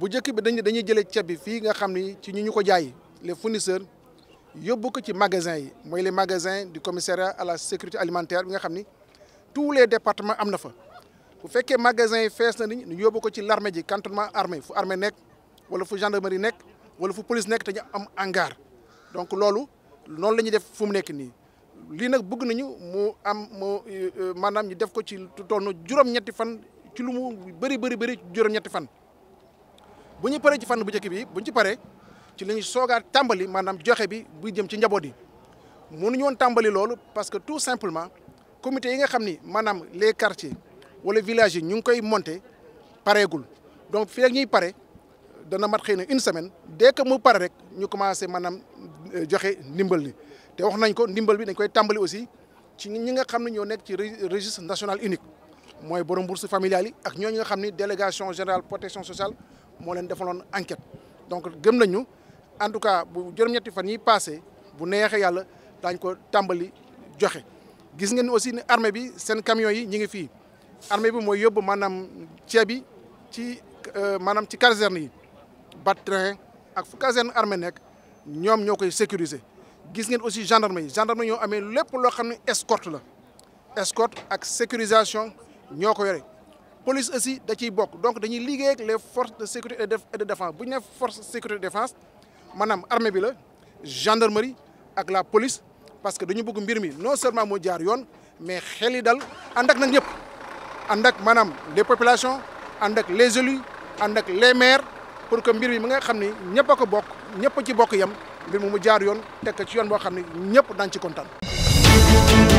bu njëkk bi dañuy dañuy jëlee ceeb bi fii nga xam ni ci ñu ko jaay les fournisseurs yóbbu ko ci magasin yi mooy les magasins du commissariat à la sécurité alimentaire bi nga xam tous les départements am na fa bu fekkee magasin yi fees na ni ñu yóbbu ko ci l'armée ji cantonnement armée fu armée nekk wala fu gendarmerie nekk wala fu police nekk te ñu am hangar donc loolu noonu la ñuy def fu mu nekk nii lii nag bëgg nañu mu am mu euh, euh, maanaam ñu def ko ci toll juróom-ñetti fan ci lu mu bëri bëri bëri juróom-ñetti fan. Si vous ci bu bi ci ci la tambali manam joxé bi jëm parce que tout simplement comité yi nga xamni manam les quartiers wala villages ñu donc fi une semaine dès que mu paré rek ñu commencé manam euh, joxé ndimbal li wax nañ aussi ci ñi nga registre national unique vous borom bourse familiale ak délégation générale protection sociale moo leen defaloon enquête donc gëm nañu en tout cas bu juróom-ñetti fan yi passé bu neexee yàlla daañ ko tàmbali joxe gis ngeen aussi ne armée bi seen camions yi ñi ngi fii armée bi mooy yóbbu maanaam ceeb yi ci euh, maanaam ci caserne yi battrain ak fu caserne armée nekk ñoom ñoo sécuriser gis ngeen aussi gendarmerie, yi gendarme ñoo amee lépp loo xam escorte la escorte ak sécurisation ñoo ko yore police aussi da donc dañuy ligue avec les forces de sécurité et de défense sécurité et défense armée bi la gendarmerie ak la police parce que dañu bëgg mbir mi non seulement mo jaar mais les gens, dal les populations les élus les maires pour que mbir mi nga pas ñëpp ñëpp ci